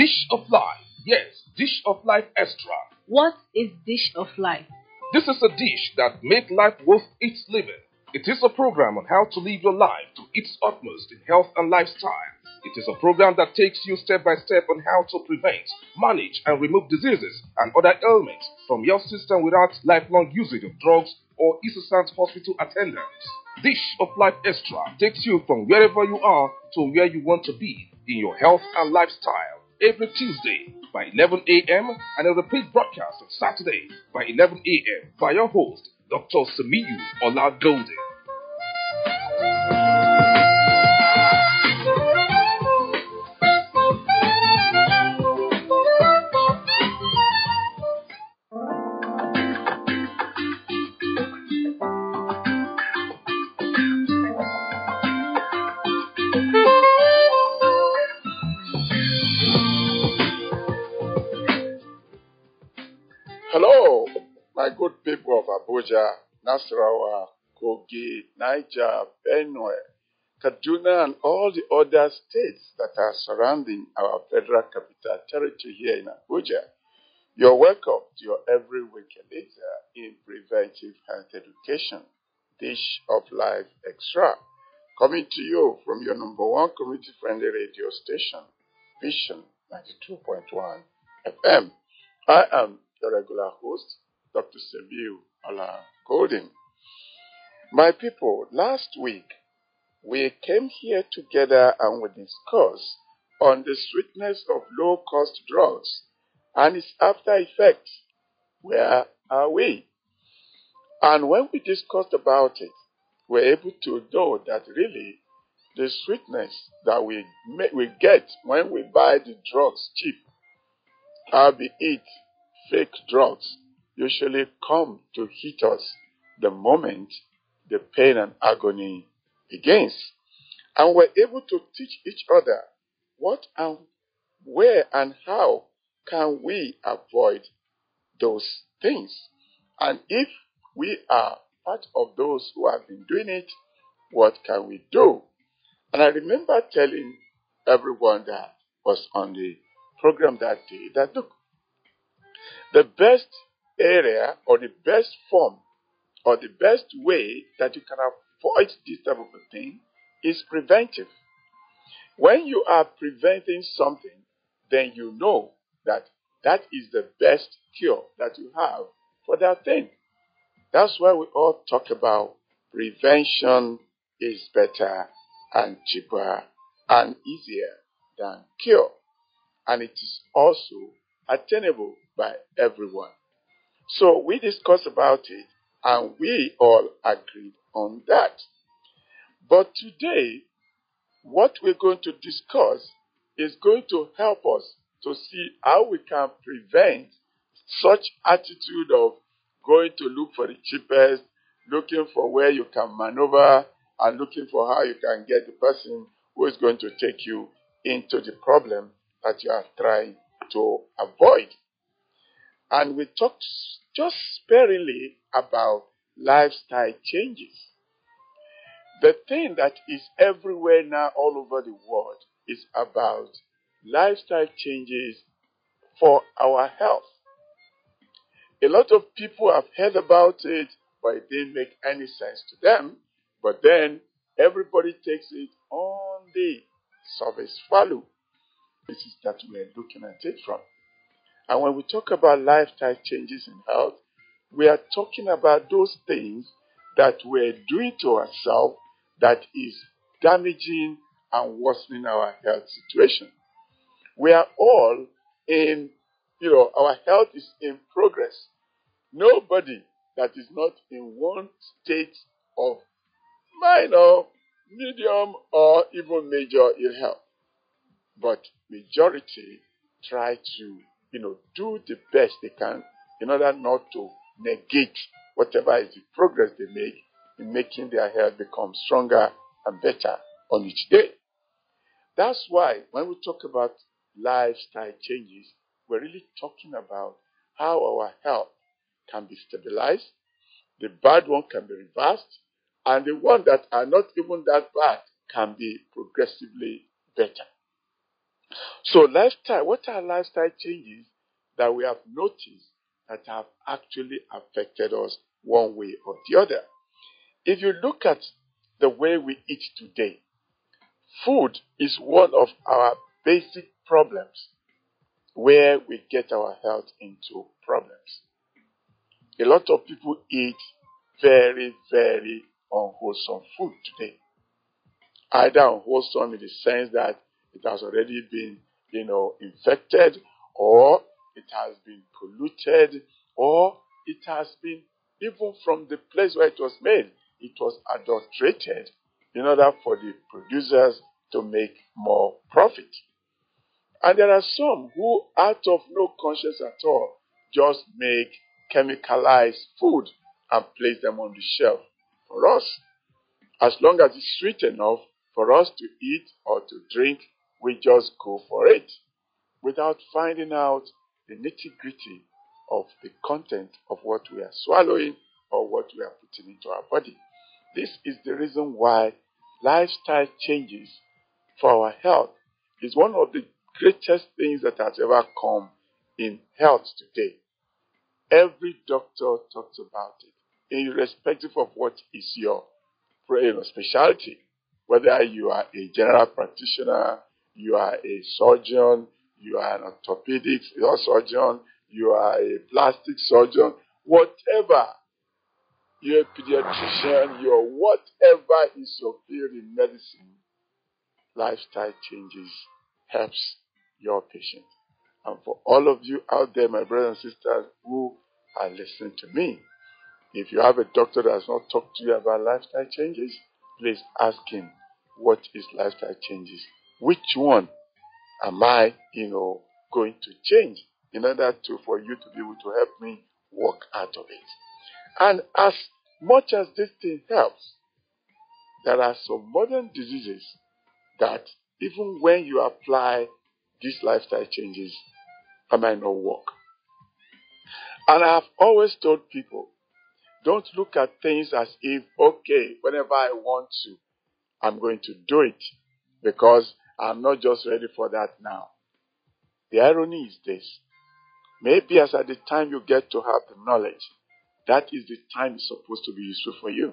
Dish of Life. Yes, Dish of Life Extra. What is Dish of Life? This is a dish that makes life worth its living. It is a program on how to live your life to its utmost in health and lifestyle. It is a program that takes you step by step on how to prevent, manage, and remove diseases and other ailments from your system without lifelong usage of drugs or incessant hospital attendance. Dish of Life Extra takes you from wherever you are to where you want to be in your health and lifestyle every Tuesday by 11 a.m. and a repeat broadcast on Saturday by 11 a.m. by your host, Dr. Samiyu Ola Golden. Abuja, Nasarawa, Kogi, Niger, Benue, Kaduna, and all the other states that are surrounding our federal capital territory here in Abuja. You're welcome to your every weekend lecture in preventive health education, Dish of Life Extra, coming to you from your number one community friendly radio station, Vision 92.1 FM. I am your regular host, Dr. Seville Allah Golden. My people, last week we came here together and we discussed on the sweetness of low cost drugs and its after effects. Where are we? And when we discussed about it, we were are able to know that really the sweetness that we, we get when we buy the drugs cheap, it fake drugs, usually come to hit us the moment the pain and agony begins. And we're able to teach each other what and where and how can we avoid those things. And if we are part of those who have been doing it, what can we do? And I remember telling everyone that was on the program that day that look, the best area or the best form or the best way that you can avoid this type of a thing is preventive. When you are preventing something, then you know that that is the best cure that you have for that thing. That's why we all talk about prevention is better and cheaper and easier than cure. And it is also attainable by everyone. So we discussed about it and we all agreed on that. But today, what we're going to discuss is going to help us to see how we can prevent such attitude of going to look for the cheapest, looking for where you can maneuver, and looking for how you can get the person who is going to take you into the problem that you are trying to avoid. And we talked just sparingly about lifestyle changes. The thing that is everywhere now, all over the world, is about lifestyle changes for our health. A lot of people have heard about it, but it didn't make any sense to them. But then everybody takes it on the surface value. This is that we're looking at it from. And when we talk about lifestyle changes in health, we are talking about those things that we're doing to ourselves that is damaging and worsening our health situation. We are all in, you know, our health is in progress. Nobody that is not in one state of minor, medium, or even major ill health. But majority try to you know, do the best they can in order not to negate whatever is the progress they make in making their health become stronger and better on each day. That's why when we talk about lifestyle changes, we're really talking about how our health can be stabilized, the bad one can be reversed, and the ones that are not even that bad can be progressively better. So lifestyle, what are lifestyle changes that we have noticed that have actually affected us one way or the other? If you look at the way we eat today, food is one of our basic problems where we get our health into problems. A lot of people eat very, very unwholesome food today. Either unwholesome in the sense that it has already been, you know, infected or it has been polluted or it has been, even from the place where it was made, it was adulterated in order for the producers to make more profit. And there are some who, out of no conscience at all, just make chemicalized food and place them on the shelf for us. As long as it's sweet enough for us to eat or to drink, we just go for it without finding out the nitty gritty of the content of what we are swallowing or what we are putting into our body. This is the reason why lifestyle changes for our health is one of the greatest things that has ever come in health today. Every doctor talks about it, irrespective of what is your specialty, whether you are a general practitioner, you are a surgeon, you are an orthopedic surgeon, you are a plastic surgeon, whatever, you're a pediatrician, you're whatever is your field in medicine, lifestyle changes helps your patient. And for all of you out there, my brothers and sisters who are listening to me, if you have a doctor that has not talked to you about lifestyle changes, please ask him what is lifestyle changes which one am I, you know, going to change in order to for you to be able to help me walk out of it. And as much as this thing helps, there are some modern diseases that even when you apply these lifestyle changes, I might not work. And I have always told people, don't look at things as if, okay, whenever I want to, I'm going to do it because I'm not just ready for that now. The irony is this. Maybe as at the time you get to have the knowledge, that is the time it's supposed to be useful for you.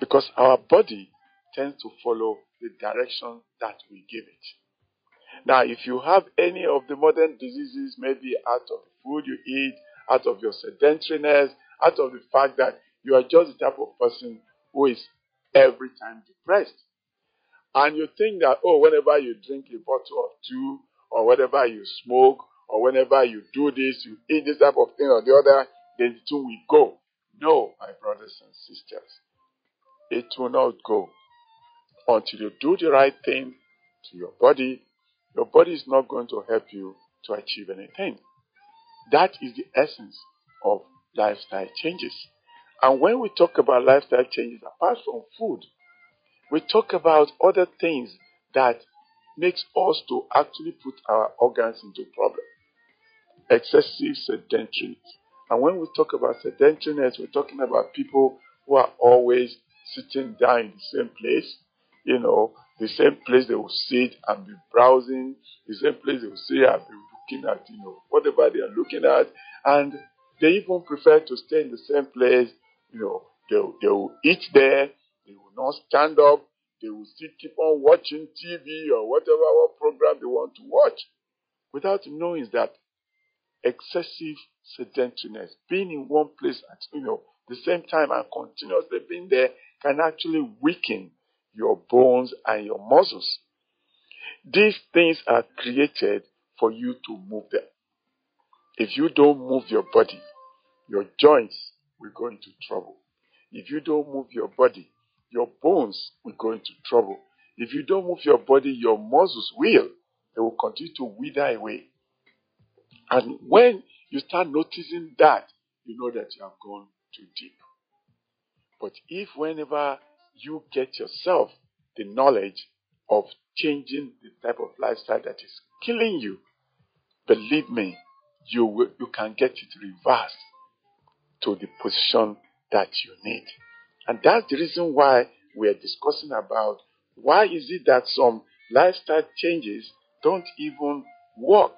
Because our body tends to follow the direction that we give it. Now, if you have any of the modern diseases, maybe out of the food you eat, out of your sedentariness, out of the fact that you are just the type of person who is every time depressed, and you think that, oh, whenever you drink a bottle of two, or whenever you smoke, or whenever you do this, you eat this type of thing or the other, then the two will go. No, my brothers and sisters, it will not go until you do the right thing to your body. Your body is not going to help you to achieve anything. That is the essence of lifestyle changes. And when we talk about lifestyle changes, apart from food, we talk about other things that makes us to actually put our organs into problem. Excessive sedentariness. And when we talk about sedentariness, we're talking about people who are always sitting down in the same place, you know, the same place they will sit and be browsing, the same place they will sit and be looking at, you know, whatever they are looking at. And they even prefer to stay in the same place, you know, they they'll eat there, they will not stand up. They will still keep on watching TV or whatever what program they want to watch without knowing that excessive sedentariness, being in one place at you know the same time and continuously being there can actually weaken your bones and your muscles. These things are created for you to move them. If you don't move your body, your joints will go into trouble. If you don't move your body, your bones will go into trouble. If you don't move your body, your muscles will. They will continue to wither away. And when you start noticing that, you know that you have gone too deep. But if whenever you get yourself the knowledge of changing the type of lifestyle that is killing you, believe me, you, will, you can get it reversed to the position that you need. And that's the reason why we are discussing about why is it that some lifestyle changes don't even work.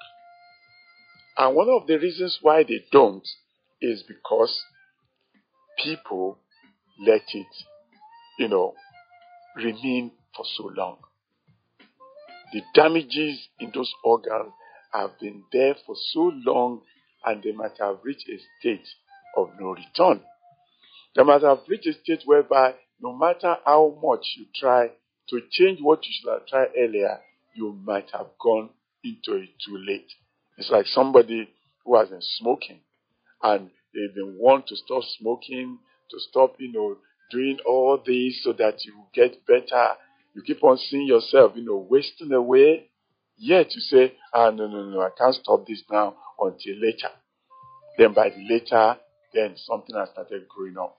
And one of the reasons why they don't is because people let it, you know, remain for so long. The damages in those organs have been there for so long and they might have reached a state of no return. There must have reached a stage whereby no matter how much you try to change what you should have tried earlier, you might have gone into it too late. It's like somebody who has been smoking and they've been want to stop smoking, to stop, you know, doing all this so that you get better. You keep on seeing yourself, you know, wasting away. Yet you say, ah, no, no, no, I can't stop this now until later. Then by the later, then something has started growing up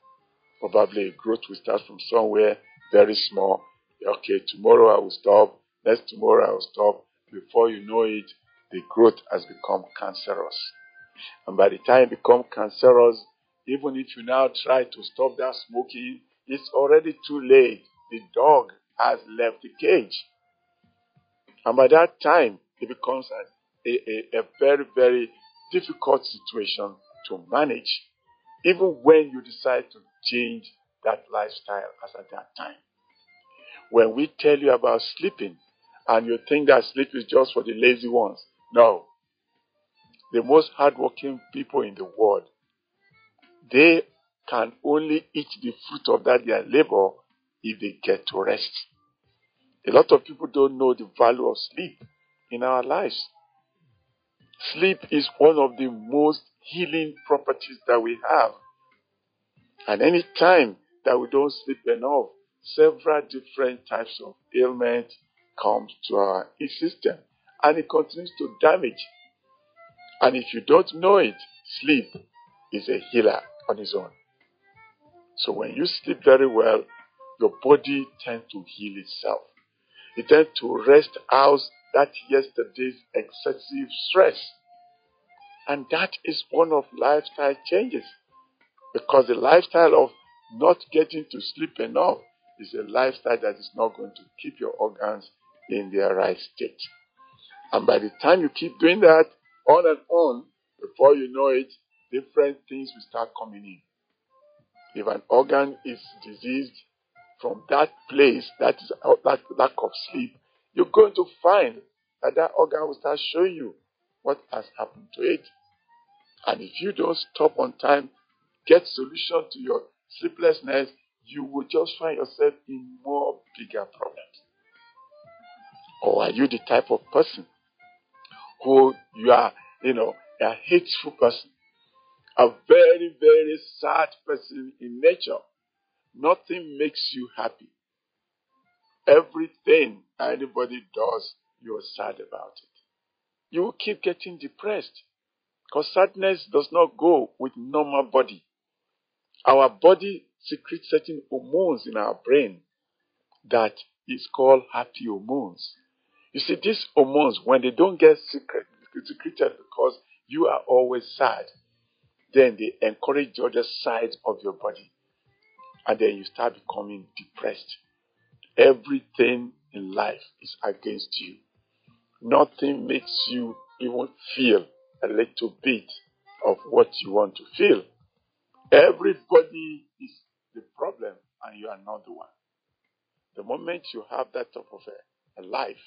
probably a growth will start from somewhere very small. Okay, tomorrow I will stop. Next tomorrow I will stop. Before you know it, the growth has become cancerous. And by the time it becomes cancerous, even if you now try to stop that smoking, it's already too late. The dog has left the cage. And by that time, it becomes a, a, a very, very difficult situation to manage even when you decide to change that lifestyle as at that time. When we tell you about sleeping and you think that sleep is just for the lazy ones, no. The most hardworking people in the world, they can only eat the fruit of that their labor if they get to rest. A lot of people don't know the value of sleep in our lives. Sleep is one of the most healing properties that we have. And any time that we don't sleep enough, several different types of ailment come to our system and it continues to damage. And if you don't know it, sleep is a healer on its own. So when you sleep very well, your body tends to heal itself. It tends to rest out that yesterday's excessive stress and that is one of lifestyle changes. Because the lifestyle of not getting to sleep enough is a lifestyle that is not going to keep your organs in their right state. And by the time you keep doing that on and on, before you know it, different things will start coming in. If an organ is diseased from that place, that is that lack of sleep, you're going to find that that organ will start showing you what has happened to it. And if you don't stop on time, get solution to your sleeplessness, you will just find yourself in more bigger problems. Or are you the type of person who you are, you know, a hateful person, a very, very sad person in nature? Nothing makes you happy. Everything anybody does, you're sad about it you keep getting depressed because sadness does not go with normal body. Our body secretes certain hormones in our brain that is called happy hormones. You see, these hormones, when they don't get secret, secreted because you are always sad, then they encourage the other side of your body. And then you start becoming depressed. Everything in life is against you. Nothing makes you even feel a little bit of what you want to feel. Everybody is the problem, and you are not the one. The moment you have that type of a, a life,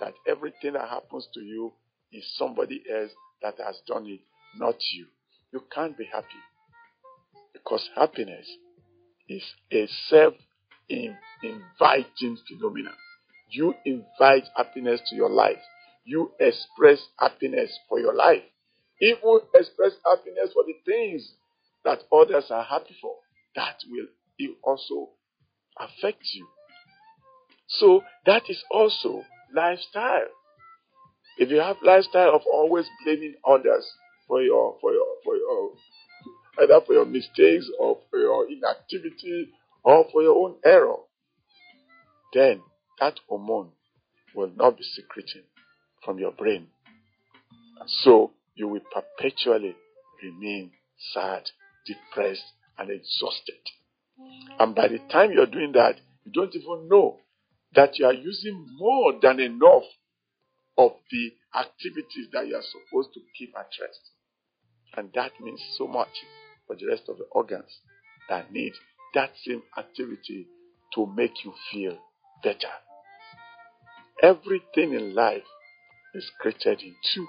that everything that happens to you is somebody else that has done it, not you. You can't be happy because happiness is a self inviting phenomenon. You invite happiness to your life you express happiness for your life. Even express happiness for the things that others are happy for. That will also affect you. So that is also lifestyle. If you have lifestyle of always blaming others for your for your for your either for your mistakes or for your inactivity or for your own error, then that hormone will not be secreting from your brain. And so you will perpetually remain sad, depressed, and exhausted. And by the time you're doing that, you don't even know that you are using more than enough of the activities that you are supposed to keep at rest. And that means so much for the rest of the organs that need that same activity to make you feel better. Everything in life is created in two.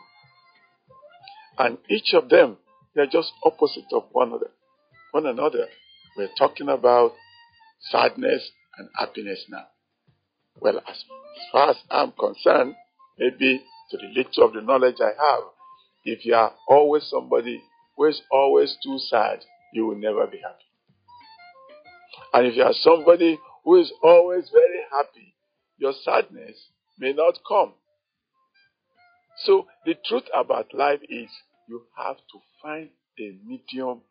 And each of them, they're just opposite of one another. One another. We're talking about sadness and happiness now. Well, as far as I'm concerned, maybe to the little of the knowledge I have, if you are always somebody who is always too sad, you will never be happy. And if you are somebody who is always very happy, your sadness may not come. So the truth about life is you have to find a medium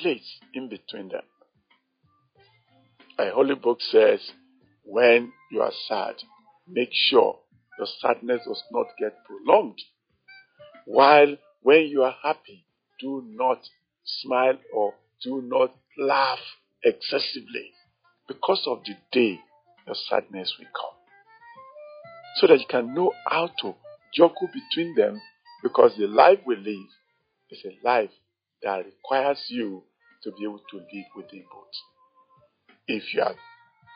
place in between them. My holy book says, when you are sad, make sure your sadness does not get prolonged. While when you are happy, do not smile or do not laugh excessively. Because of the day, your sadness will come. So that you can know how to juggle between them because the life we live is a life that requires you to be able to live with them both. If you are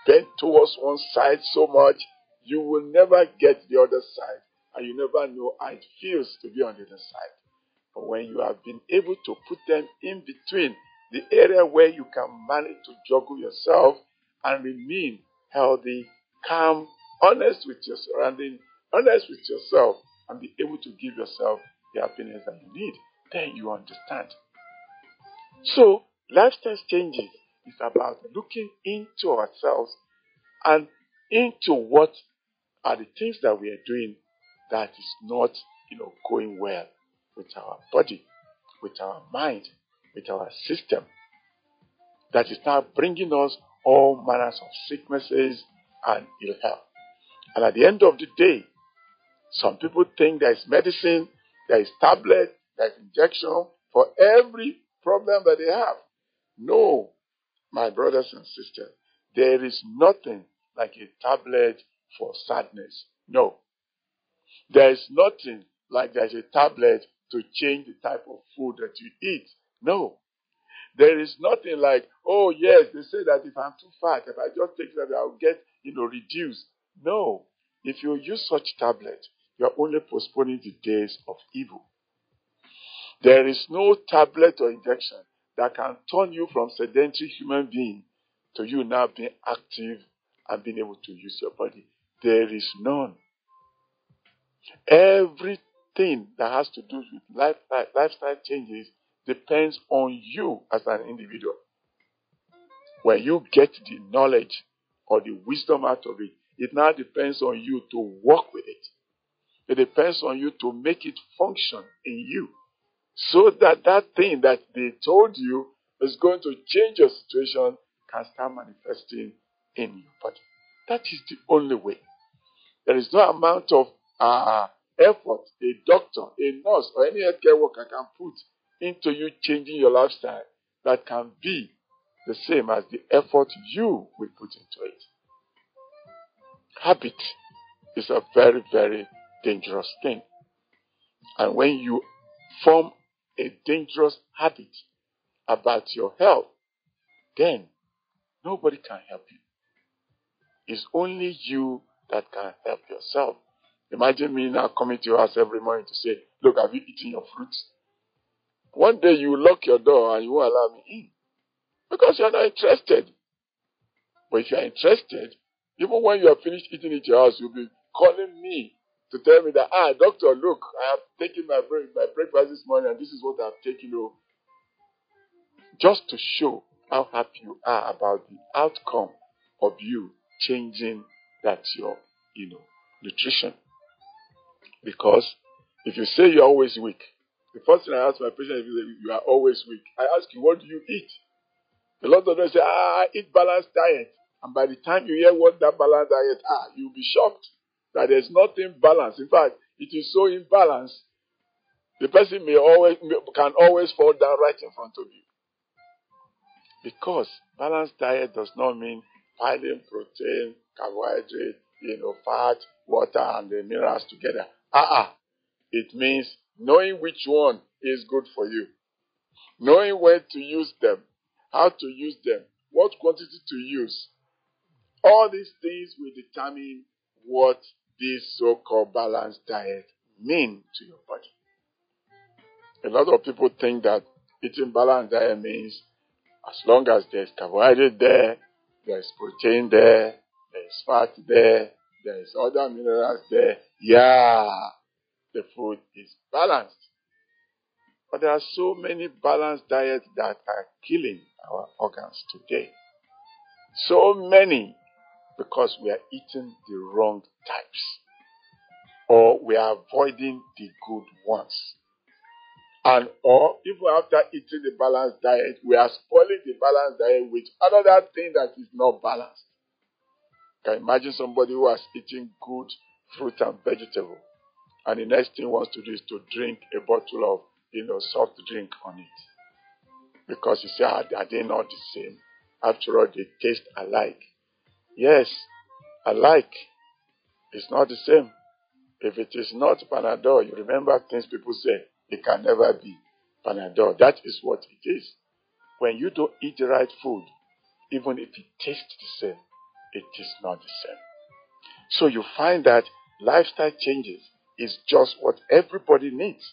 bent towards one side so much, you will never get the other side, and you never know how it feels to be on the other side. But when you have been able to put them in between, the area where you can manage to juggle yourself and remain healthy, calm, honest with your surroundings honest with yourself and be able to give yourself the happiness that you need, then you understand. So, lifestyle changes is about looking into ourselves and into what are the things that we are doing that is not, you know, going well with our body, with our mind, with our system. That is now bringing us all manners of sicknesses and ill health. And at the end of the day, some people think there is medicine, there is tablet, there is injection for every problem that they have. No, my brothers and sisters, there is nothing like a tablet for sadness. No. There is nothing like there's a tablet to change the type of food that you eat. No. There is nothing like, oh yes, they say that if I'm too fat, if I just take that, I'll get, you know, reduced. No. If you use such tablet, you are only postponing the days of evil. There is no tablet or injection that can turn you from sedentary human being to you now being active and being able to use your body. There is none. Everything that has to do with lifestyle changes depends on you as an individual. When you get the knowledge or the wisdom out of it, it now depends on you to work with it. It depends on you to make it function in you so that that thing that they told you is going to change your situation can start manifesting in your body. That is the only way. There is no amount of uh, effort a doctor, a nurse, or any healthcare worker can put into you changing your lifestyle that can be the same as the effort you will put into it. Habit is a very, very dangerous thing. And when you form a dangerous habit about your health, then nobody can help you. It's only you that can help yourself. Imagine me now coming to your house every morning to say, Look, have you eaten your fruits? One day you lock your door and you won't allow me in because you are not interested. But if you are interested, even when you are finished eating at your house, you'll be calling me to tell me that, ah, doctor, look, I have taken my, break, my breakfast this morning and this is what I've taken know, oh. Just to show how happy you are about the outcome of you changing that your, you know, nutrition. Because if you say you're always weak, the first thing I ask my patient is, you are always weak. I ask you, what do you eat? A lot of them say, ah, I eat balanced diet. And by the time you hear what that balanced diet are, ah, you'll be shocked that there's nothing balanced. In fact, it is so imbalanced, the person may always may, can always fall down right in front of you. Because balanced diet does not mean piling protein, carbohydrate, you know, fat, water, and the minerals together. Ah, uh-uh. It means knowing which one is good for you, knowing where to use them, how to use them, what quantity to use. All these things will determine what this so called balanced diet mean to your body? A lot of people think that eating balanced diet means as long as there's carbohydrate there, there's protein there, there's fat there, there's other minerals there, yeah, the food is balanced. But there are so many balanced diets that are killing our organs today. So many because we are eating the wrong types or we are avoiding the good ones. And or even after eating the balanced diet, we are spoiling the balanced diet with another thing that is not balanced. Can imagine somebody who has eaten good fruit and vegetable, and the next thing wants to do is to drink a bottle of you know soft drink on it, because you said, ah, "Are they not the same? After all, they taste alike." Yes, alike. It's not the same. If it is not Panadol, you remember things people say, it can never be Panadol. That is what it is. When you don't eat the right food, even if it tastes the same, it is not the same. So you find that lifestyle changes is just what everybody needs.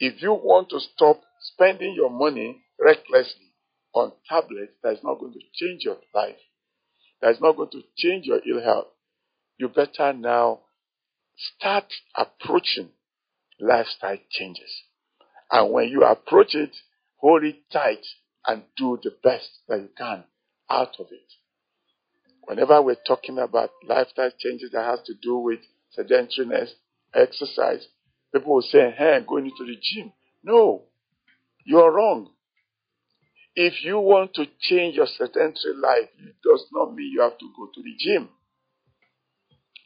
If you want to stop spending your money recklessly on tablets, that's not going to change your life that's not going to change your ill health, you better now start approaching lifestyle changes. And when you approach it, hold it tight and do the best that you can out of it. Whenever we're talking about lifestyle changes that has to do with sedentariness, exercise, people will say, hey, I'm going into the gym. No, you're wrong. If you want to change your sedentary life, it does not mean you have to go to the gym.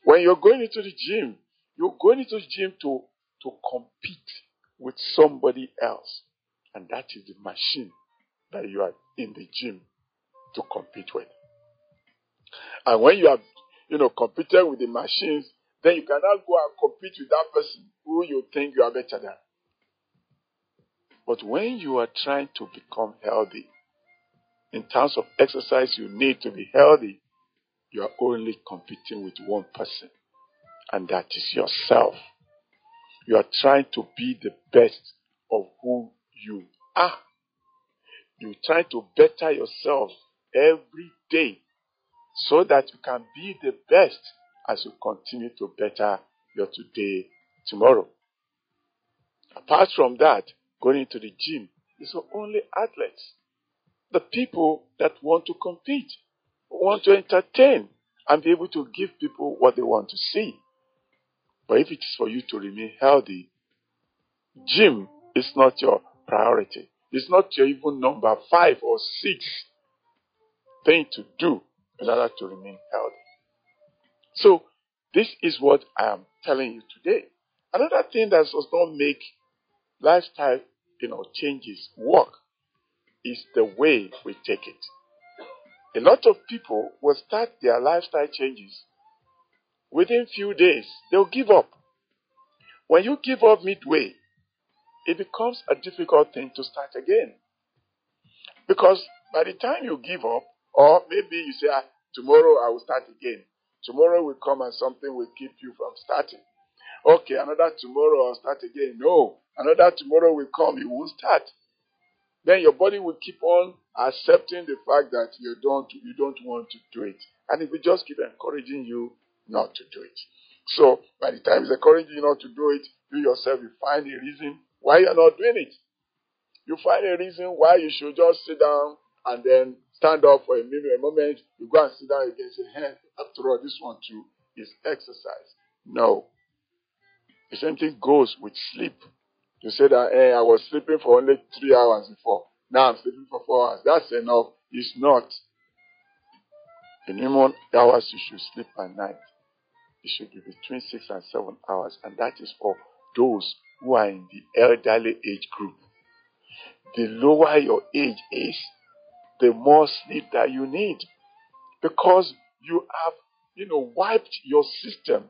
When you're going into the gym, you're going into the gym to, to compete with somebody else. And that is the machine that you are in the gym to compete with. And when you have, you know, competed with the machines, then you cannot go and compete with that person who you think you are better than. But when you are trying to become healthy, in terms of exercise you need to be healthy, you are only competing with one person, and that is yourself. You are trying to be the best of who you are. You try to better yourself every day so that you can be the best as you continue to better your today, tomorrow. Apart from that, going to the gym is for only athletes. The people that want to compete, want to entertain, and be able to give people what they want to see. But if it is for you to remain healthy, gym is not your priority. It's not your even number five or six thing to do in order to remain healthy. So, this is what I am telling you today. Another thing that does not make lifestyle you know, changes work is the way we take it. A lot of people will start their lifestyle changes within few days. They'll give up. When you give up midway, it becomes a difficult thing to start again. Because by the time you give up, or maybe you say, ah, tomorrow I will start again. Tomorrow will come and something will keep you from starting. Okay, another tomorrow I'll start again. No. Another tomorrow will come, it won't start. Then your body will keep on accepting the fact that you don't you don't want to do it. And it will just keep encouraging you not to do it. So by the time it's encouraging you not to do it, you yourself will find a reason why you're not doing it. You find a reason why you should just sit down and then stand up for a minute, a moment, you go and sit down again and say, hey, after all, this one too is exercise. No. The same thing goes with sleep to say that hey, eh, I was sleeping for only three hours before. Now I'm sleeping for four hours. That's enough. It's not. In human hours, you should sleep at night. It should be between six and seven hours, and that is for those who are in the elderly age group. The lower your age is, the more sleep that you need because you have, you know, wiped your system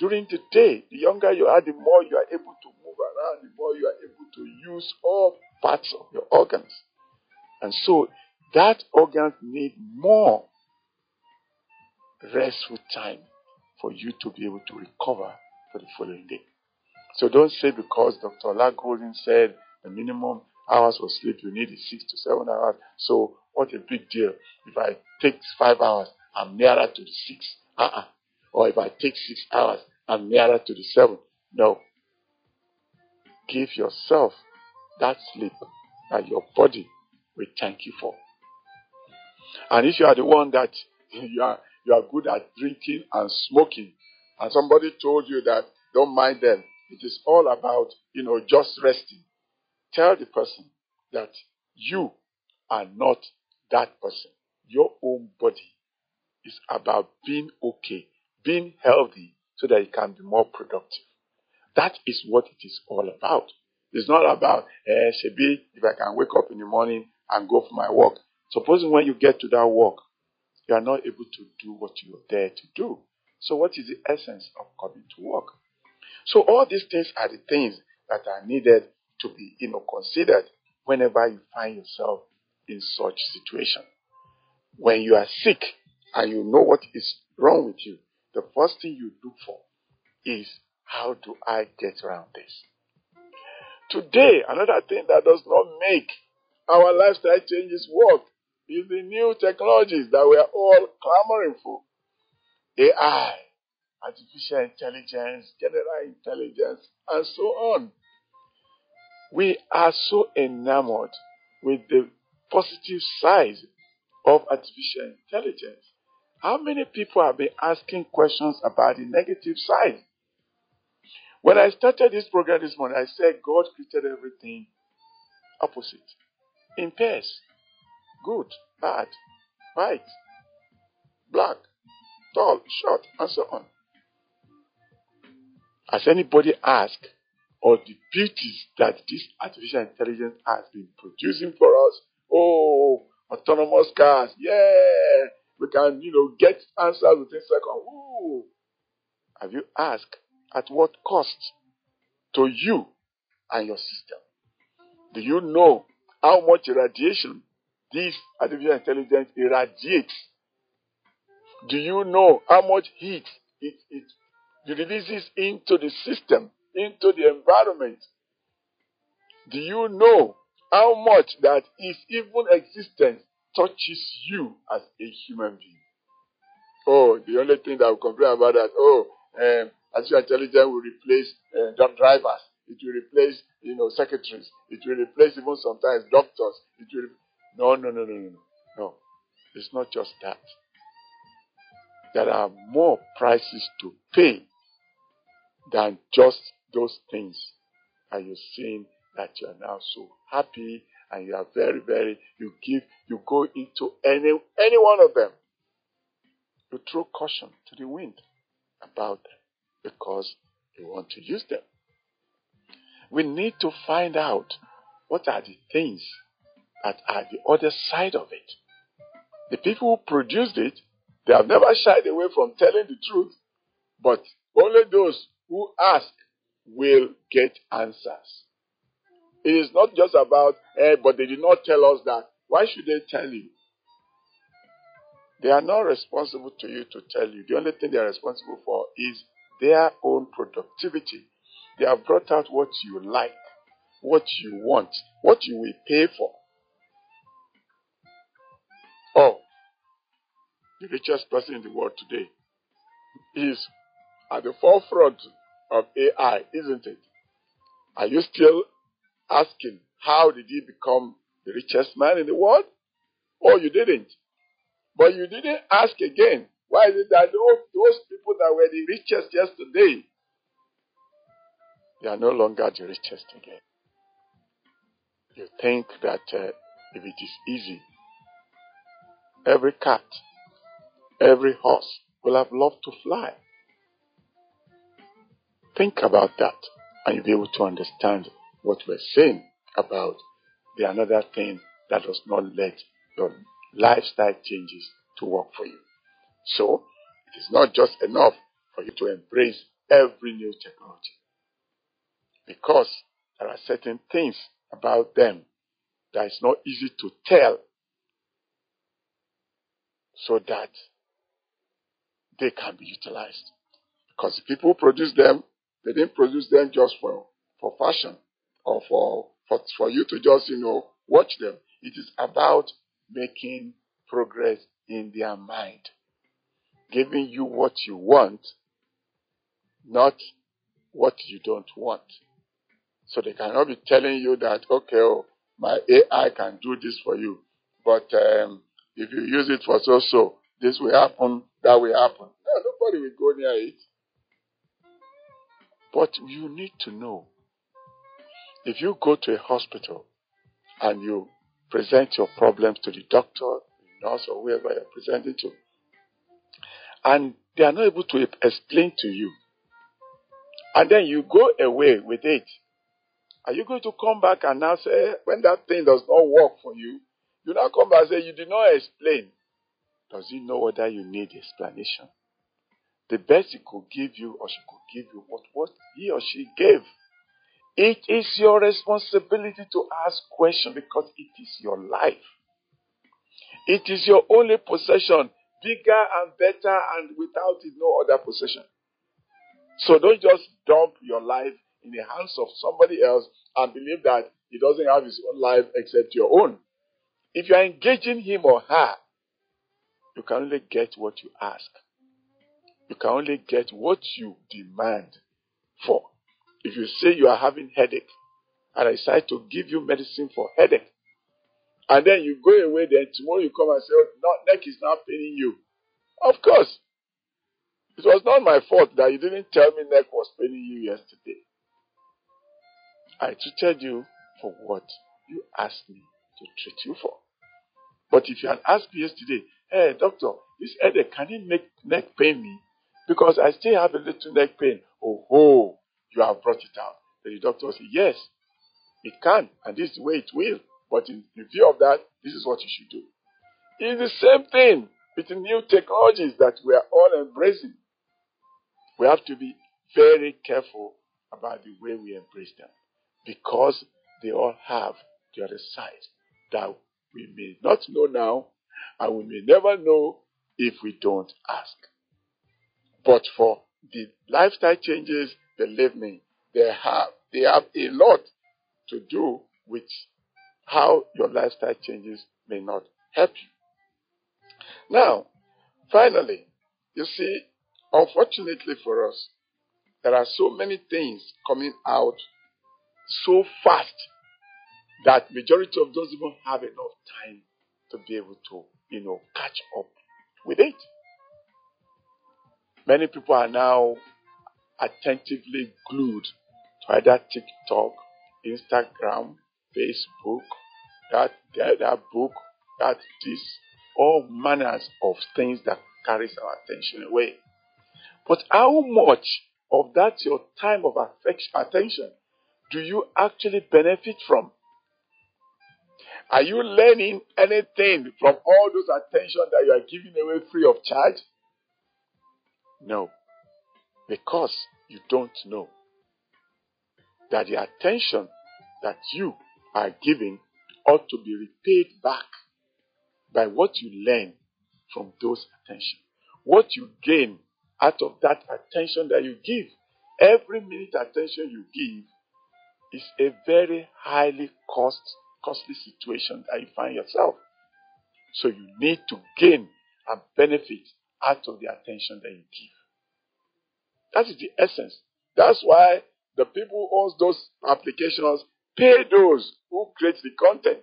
during the day. The younger you are, the more you are able to move around, the you are able to use all parts of your organs. And so that organs need more restful time for you to be able to recover for the following day. So don't say because Dr. Lagoldin said the minimum hours of sleep you need is six to seven hours. So what a big deal. If I take five hours, I'm nearer to the six. Uh-uh. Or if I take six hours, I'm nearer to the seven. No, give yourself that sleep that your body will thank you for. And if you are the one that you are, you are good at drinking and smoking, and somebody told you that don't mind them, it is all about, you know, just resting. Tell the person that you are not that person. Your own body is about being okay, being healthy, so that you can be more productive. That is what it is all about. It's not about, eh, Shebi, if I can wake up in the morning and go for my work. Supposing when you get to that work, you are not able to do what you are there to do. So, what is the essence of coming to work? So, all these things are the things that are needed to be you know, considered whenever you find yourself in such situation. When you are sick and you know what is wrong with you, the first thing you look for is how do I get around this? Today, another thing that does not make our lifestyle changes work is the new technologies that we are all clamoring for. AI, artificial intelligence, general intelligence, and so on. We are so enamored with the positive side of artificial intelligence. How many people have been asking questions about the negative side? When I started this program this morning, I said God created everything opposite in pairs good, bad, white, black, tall, short, and so on. Has anybody asked all the beauties that this artificial intelligence has been producing for us? Oh, autonomous cars, yeah, we can, you know, get answers within seconds. Ooh. Have you asked at what cost to you and your system? Do you know how much radiation this artificial intelligence irradiates? Do you know how much heat it, it releases into the system, into the environment? Do you know how much that its even existence touches you as a human being? Oh, the only thing that I will complain about that, oh, um, Artificial intelligence will replace uh, drivers. It will replace, you know, secretaries. It will replace even sometimes doctors. It will. No, no, no, no, no, no. It's not just that. There are more prices to pay than just those things Are you're seeing that you are now so happy and you are very, very, you give, you go into any, any one of them. You throw caution to the wind about them because you want to use them. We need to find out what are the things that are the other side of it. The people who produced it, they have never shied away from telling the truth, but only those who ask will get answers. It is not just about, hey, but they did not tell us that. Why should they tell you? They are not responsible to you to tell you. The only thing they are responsible for is their own productivity. They have brought out what you like, what you want, what you will pay for. Oh, the richest person in the world today is at the forefront of AI, isn't it? Are you still asking how did he become the richest man in the world? Oh, you didn't. But you didn't ask again why is it that those people that were the richest yesterday, they are no longer the richest again? You think that uh, if it is easy, every cat, every horse will have loved to fly. Think about that, and you'll be able to understand what we're saying about the another thing that does not let your lifestyle changes to work for you. So, it is not just enough for you to embrace every new technology because there are certain things about them that is not easy to tell so that they can be utilized. Because the people who produce them, they didn't produce them just for, for fashion or for, for, for you to just, you know, watch them. It is about making progress in their mind giving you what you want, not what you don't want. So they cannot be telling you that, okay, oh, my AI can do this for you, but um, if you use it for so so, this will happen, that will happen. No, nobody will go near it. But you need to know. If you go to a hospital and you present your problems to the doctor, nurse, or whoever you're presenting to, and they are not able to explain to you. And then you go away with it. Are you going to come back and now say, when that thing does not work for you, you now come back and say, you did not explain. Does he know whether you need explanation? The best he could give you or she could give you what, what he or she gave. It is your responsibility to ask questions because it is your life. It is your only possession bigger and better and without it, no other possession. So don't just dump your life in the hands of somebody else and believe that he doesn't have his own life except your own. If you are engaging him or her, you can only get what you ask. You can only get what you demand for. If you say you are having headache, and I decide to give you medicine for headache, and then you go away, then tomorrow you come and say, oh, neck is not paining you. Of course. It was not my fault that you didn't tell me neck was paining you yesterday. I treated you for what you asked me to treat you for. But if you had asked me yesterday, hey, doctor, this headache, can it make neck pain me? Because I still have a little neck pain. Oh, oh, you have brought it out. Then the doctor said, yes, it can, and this is the way it will. But in, in view of that, this is what you should do. It's the same thing with new technologies that we are all embracing. We have to be very careful about the way we embrace them because they all have their side that we may not know now and we may never know if we don't ask. But for the lifestyle changes, believe me, they have they have a lot to do with how your lifestyle changes may not help you. Now, finally, you see, unfortunately for us, there are so many things coming out so fast that majority of those even have enough time to be able to, you know, catch up with it. Many people are now attentively glued to either TikTok, Instagram, Facebook, that, that, that book, that this, all manners of things that carries our attention away. But how much of that your time of attention do you actually benefit from? Are you learning anything from all those attention that you are giving away free of charge? No, because you don't know that the attention that you are given ought to be repaid back by what you learn from those attention. What you gain out of that attention that you give. Every minute attention you give is a very highly cost, costly situation that you find yourself. So you need to gain and benefit out of the attention that you give. That is the essence. That's why the people who owns those applications pay those who create the content.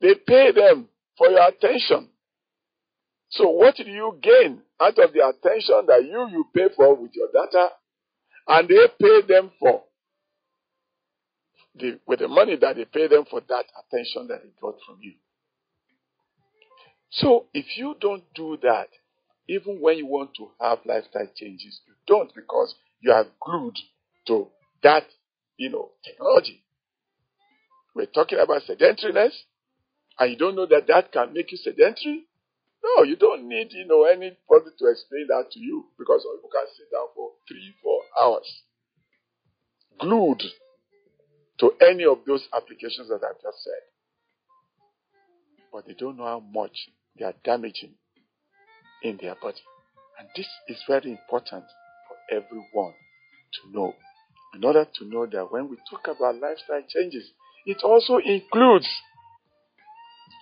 They pay them for your attention. So what do you gain out of the attention that you you pay for with your data and they pay them for the, with the money that they pay them for that attention that they got from you. So if you don't do that, even when you want to have lifestyle changes, you don't because you are glued to that you know, technology. We're talking about sedentariness, and you don't know that that can make you sedentary? No, you don't need, you know, anybody to explain that to you because you can sit down for three, four hours glued to any of those applications that I've just said. But they don't know how much they are damaging in their body. And this is very important for everyone to know in order to know that when we talk about lifestyle changes, it also includes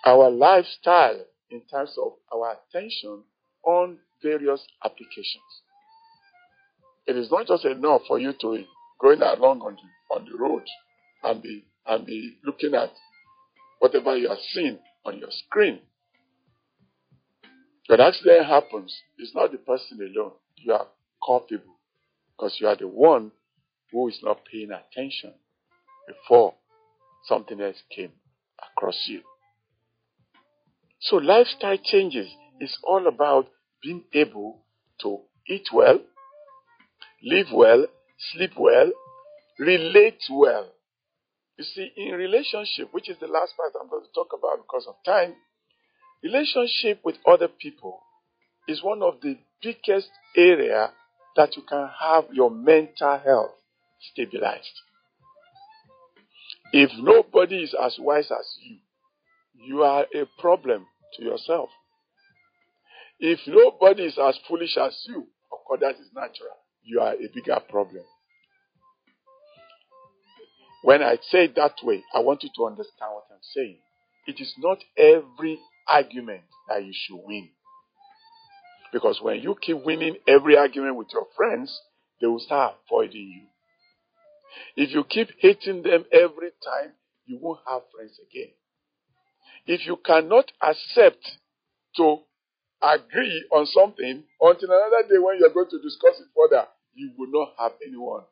our lifestyle in terms of our attention on various applications. It is not just enough for you to going along on the, on the road and be, and be looking at whatever you are seeing on your screen. When accident happens, it's not the person alone. You are culpable because you are the one who is not paying attention before something else came across you. So lifestyle changes is all about being able to eat well, live well, sleep well, relate well. You see, in relationship, which is the last part I'm going to talk about because of time, relationship with other people is one of the biggest area that you can have your mental health stabilized. If nobody is as wise as you, you are a problem to yourself. If nobody is as foolish as you, of course, that is natural. You are a bigger problem. When I say it that way, I want you to understand what I'm saying. It is not every argument that you should win. Because when you keep winning every argument with your friends, they will start avoiding you. If you keep hating them every time, you won't have friends again. If you cannot accept to agree on something until another day when you're going to discuss it further, you will not have anyone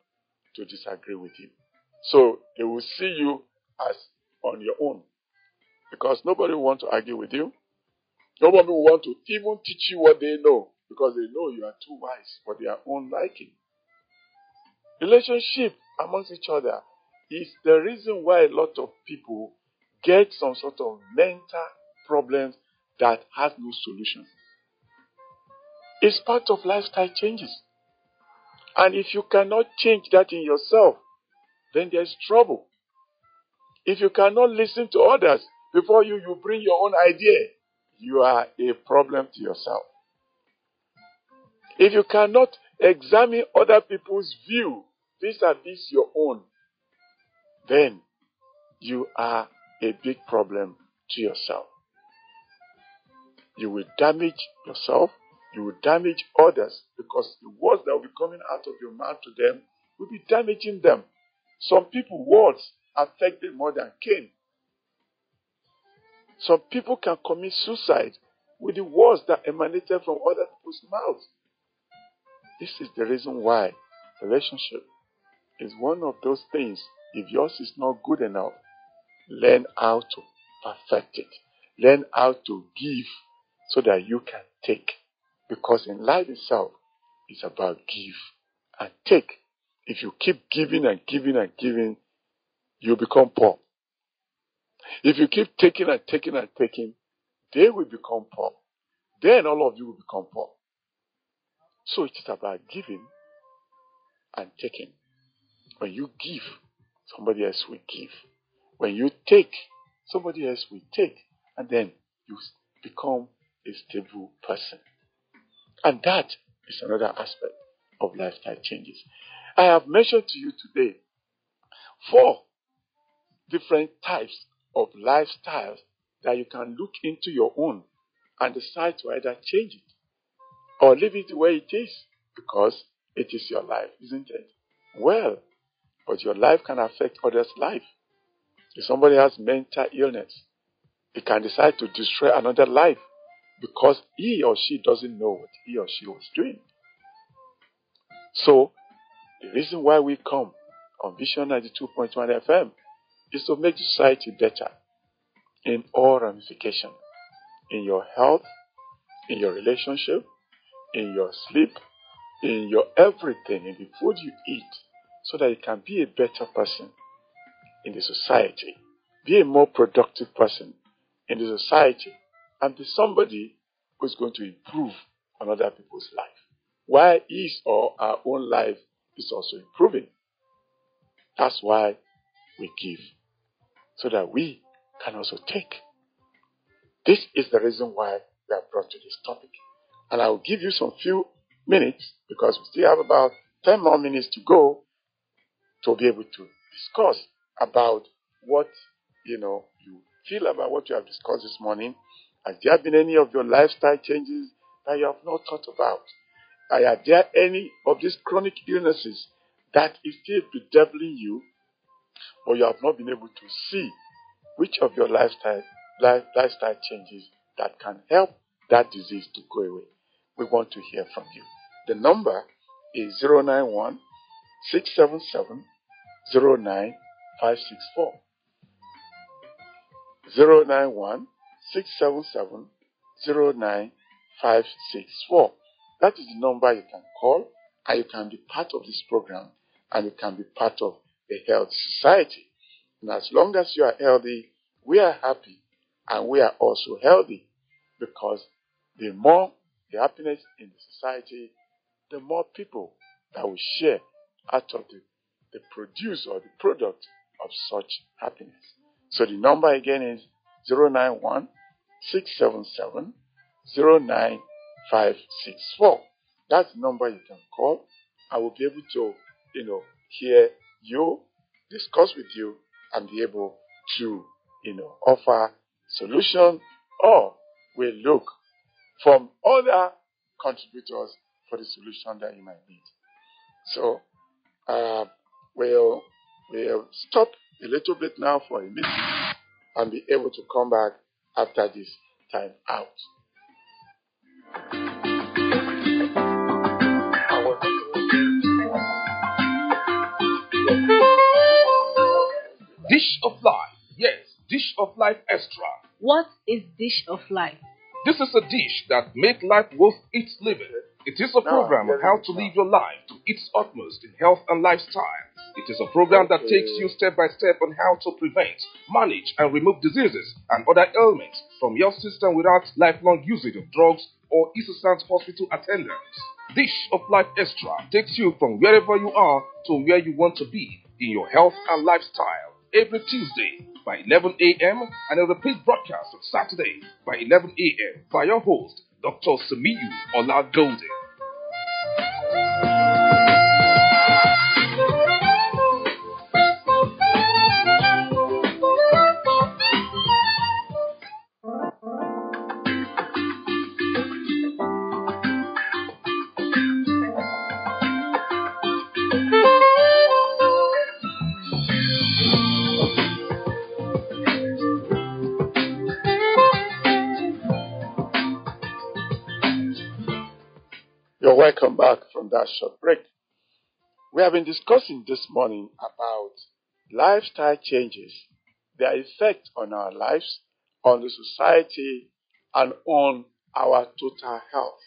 to disagree with you. So they will see you as on your own because nobody will want to argue with you. Nobody will want to even teach you what they know because they know you are too wise for their own liking. Relationship amongst each other is the reason why a lot of people get some sort of mental problems that has no solution. It's part of lifestyle changes. And if you cannot change that in yourself, then there's trouble. If you cannot listen to others before you, you bring your own idea, you are a problem to yourself. If you cannot examine other people's view these are these your own, then you are a big problem to yourself. You will damage yourself, you will damage others because the words that will be coming out of your mouth to them will be damaging them. Some people, words affect them more than cane. Some people can commit suicide with the words that emanated from other people's mouths. This is the reason why relationship is one of those things. If yours is not good enough, learn how to perfect it. Learn how to give so that you can take. Because in life itself, it's about give and take. If you keep giving and giving and giving, you become poor. If you keep taking and taking and taking, they will become poor. Then all of you will become poor. So it is about giving and taking. When you give, somebody else will give. When you take, somebody else will take. And then you become a stable person. And that is another aspect of lifestyle changes. I have mentioned to you today four different types of lifestyles that you can look into your own and decide to either change it or leave it where it is because it is your life, isn't it? Well, but your life can affect others' life. If somebody has mental illness, he can decide to destroy another life because he or she doesn't know what he or she was doing. So, the reason why we come on Vision 92.1 FM is to make society better in all ramifications in your health, in your relationship, in your sleep, in your everything, in the food you eat, so that you can be a better person in the society, be a more productive person in the society, and be somebody who is going to improve on other people's life. While his or our own life is also improving. That's why we give, so that we can also take. This is the reason why we are brought to this topic. And I will give you some few minutes because we still have about 10 more minutes to go to be able to discuss about what you know you feel about what you have discussed this morning. Has there been any of your lifestyle changes that you have not thought about? Are there any of these chronic illnesses that is still bedeviling you, but you have not been able to see which of your lifestyle life, lifestyle changes that can help that disease to go away? We want to hear from you. The number is 091 09564. 091 677 09564. That is the number you can call and you can be part of this program and you can be part of the health society. And as long as you are healthy, we are happy and we are also healthy because the more the happiness in the society, the more people that we share out of the the produce or the product of such happiness. So the number again is 091 That's the number you can call. I will be able to, you know, hear you, discuss with you, and be able to, you know, offer solution or we look from other contributors for the solution that you might need. So, uh, will will stop a little bit now for a minute and be able to come back after this time out. Dish of life, yes, dish of life extra. What is dish of life? This is a dish that makes life worth its living it is a program on how to live your life to its utmost in health and lifestyle. It is a program that takes you step by step on how to prevent, manage, and remove diseases and other ailments from your system without lifelong usage of drugs or incessant hospital attendance. Dish of Life Extra takes you from wherever you are to where you want to be in your health and lifestyle every Tuesday by 11 a.m. and a repeat broadcast on Saturday by 11 a.m. by your host, Dr. Samiyu Ola Golden. that short break. We have been discussing this morning about lifestyle changes, their effect on our lives, on the society, and on our total health.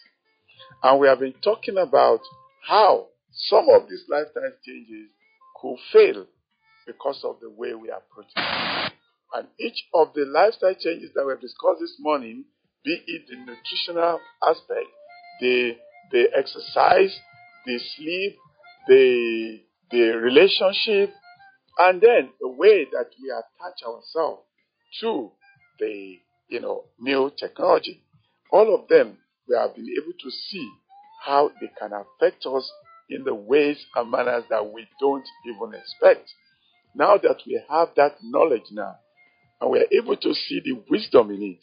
And we have been talking about how some of these lifestyle changes could fail because of the way we approach it. And each of the lifestyle changes that we have discussed this morning, be it the nutritional aspect, the, the exercise, the sleep, the, the relationship, and then the way that we attach ourselves to the you know new technology. All of them we have been able to see how they can affect us in the ways and manners that we don't even expect. Now that we have that knowledge now, and we are able to see the wisdom in it,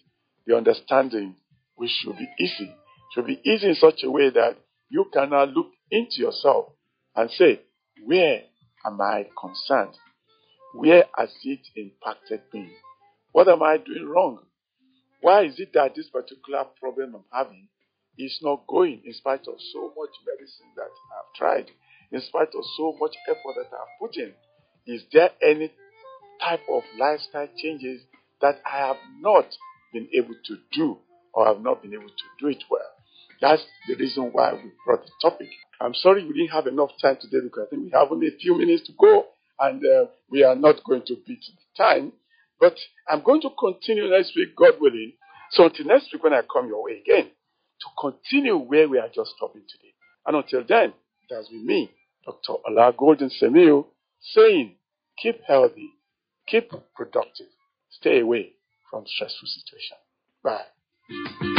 the understanding, we should be easy. It should be easy in such a way that you cannot look into yourself and say, Where am I concerned? Where has it impacted me? What am I doing wrong? Why is it that this particular problem I'm having is not going in spite of so much medicine that I've tried, in spite of so much effort that I've put in? Is there any type of lifestyle changes that I have not been able to do or have not been able to do it well? That's the reason why we brought the topic. I'm sorry we didn't have enough time today because I think we have only a few minutes to go and uh, we are not going to beat the time. But I'm going to continue next week, God willing. So until next week when I come your way again, to continue where we are just stopping today. And until then, it has been me, Dr. Ola Golden Semil, saying keep healthy, keep productive, stay away from stressful situations. Bye.